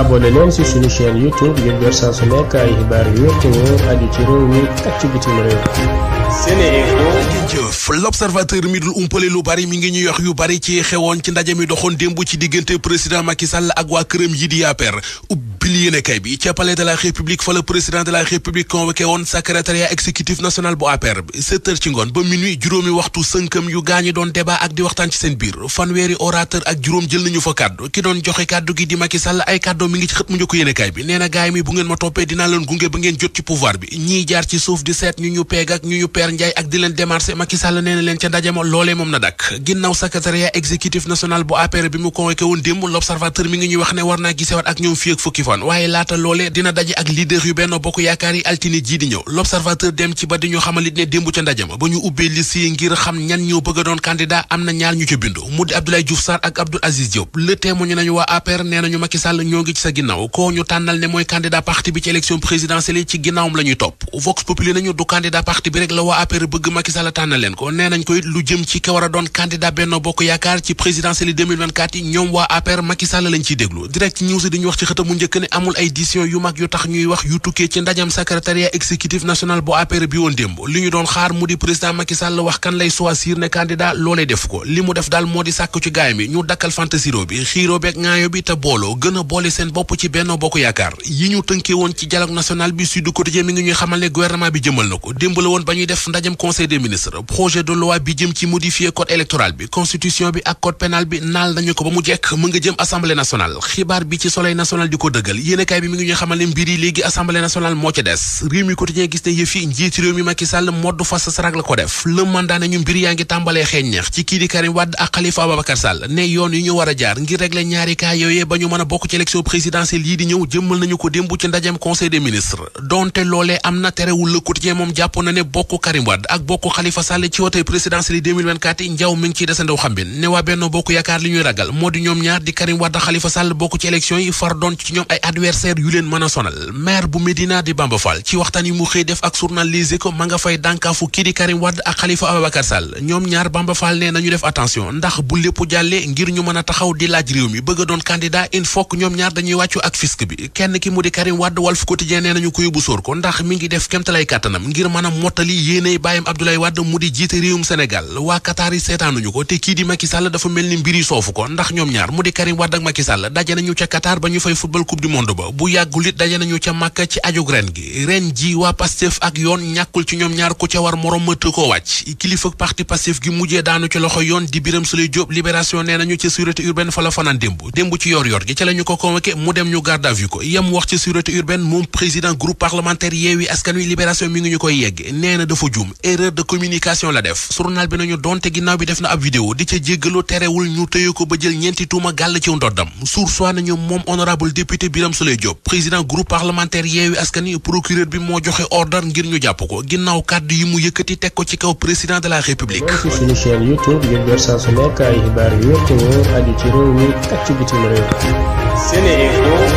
abonné leen ci suñu chaîne YouTube ngir jot saa su nekk ay l'observateur mi dul umpale lu bari mi ngi ñu wax yu bari ci xewoon ci ndaje mi doxoon démb ci diggante président Macky Sall ak waa këram yi di APR pili yéene kay bi ca palais de la république fa la président de la république convoqué woon secrétariat exécutif national bu APR bi mu njëkk woon démb l'observateur mi ngi ñuy wax ne war naa gisewaat ak ñoom fii ak fukki téléphone waaye laata loole dina daje ak leader yu benn bokk yaakaar yi altine jii di ñëw l'observateur dem ci ba di ñu xamalit ne démb ca ndajama ba ñu ubbee liste ngir xam ñan ñoo bëgg a doon candidat am na ñaar ñu ci bindu mu di Abdoulaye Diouf ak Abdoul Aziz Diop le témoigne nañu waa APR nee nañu Macky ñoo ngi ci sa ginnaaw koo ñu tànnal ne mooy candidat parti bi ci élection présidentielle ci ginnaawam la ñuy topp Vox Populi nañu du candidat parti ne amul ay décision yu mag yu tax ñuy wax yu tukkee ci ndajam secrétariat exécutif national bu APR bi woon démb li ñu doon xaar mu di président Macky Sall wax kan lay choisir ne candidat loolee def ko li mu def daal moo di sàkk ci gaay mi ñu dakkal fantasiro bi xiiroo beeg ŋaayo bi te booloo gën boole seen bopp ci Benno Bokk Yaakaar yi ñu tënkee woon ci dialogue national bi Sud Quotidien mi ngi ñuy xamal ne gouvernement bi jëmal na ko démb la woon ba ñuy def ndajam conseil des ministres projet de loi bi jëm ci modifier code électoral bi nga jëm assemblée nationale xibaar bi ci soleil national di ko dëgg dëggal yéenekaay bi mi ngi ñuy xamal mbir yi léegi assemblée nationale moo ca des réew mi quotidien gis ne modd fas sarak la ko def le mandat mbir yaa ngi tàmbalee xeeñ ci kii di ak Khalifa Ababacar a jaar ngir régler a bokk ci élection présidentielle yii di ñëw ci ndajem conseil xambin ne waa Benno Bokk Yaakaar li ñuy ragal moo di ñoom ñaar di Karim Wade Khalifa Sall bokk ci élection yi far doon ci ñoom ay adversaire yu leen mën a sonal maire bu Médina di Bamba Fall ci waxtaan yi mu xëy def ak journal Les ko ma nga fay dànkaafu kii di Karim Wade ak Khalifa Ababacar Sall ñoom ñaar Bamba Fall ne nañu def attention ndax bu lépp jàllee ngir ñu mën a taxaw di laaj réew mi bëgg doon candidat il faut que ñoom ñaar dañuy wàccu ak fisc bi kenn ki mu di Karim Wade Walf Quotidien nee nañu ko yóbbu sóor ko ndax mi ngi def kémtalay kàttanam ngir mën a mottali yéeney bàyyam Abdoulaye Wade mu di jiite kii di Macky dafa mel ni mbiri soofu ndax ñoom ñaar mu di Karim Wade ak Macky Sall daje monde ba bu yàggul it daje nañu ca màkka ci ajug ren gi ren ji waa pastef ak yoon ñàkkul ci ñoom ñaar ku ca war morom mëtt koo wàcc kilifa parti pastef gi mujjee daanu ci loxo yoon di biram suley jóob libération nee nañu ci sûreté urbaine fa la fanaan démb démb ci yor yor gi ca la ko convoqué mu dem ñu garde à vue ko yam wax ci sûreté urbaine moom président groupe parlementaire yeewi askan wi libération mi ngi ñu koy yegg nee na dafa juum erreur de communication la def journal bi nañu bi def na ab vidéo di ca ñu tëye ko ba jël ñeenti tuuma gàll ci ndoddam source Birame Souleye Diop président groupe parlementaire Yewwi Askan Wi procureur bi moo joxe ordre ngir ñu jàpp ko ginnaaw kàddu yi mu yëkkati teg ko ci kaw président de la république. ci suñu chaîne YouTube ngir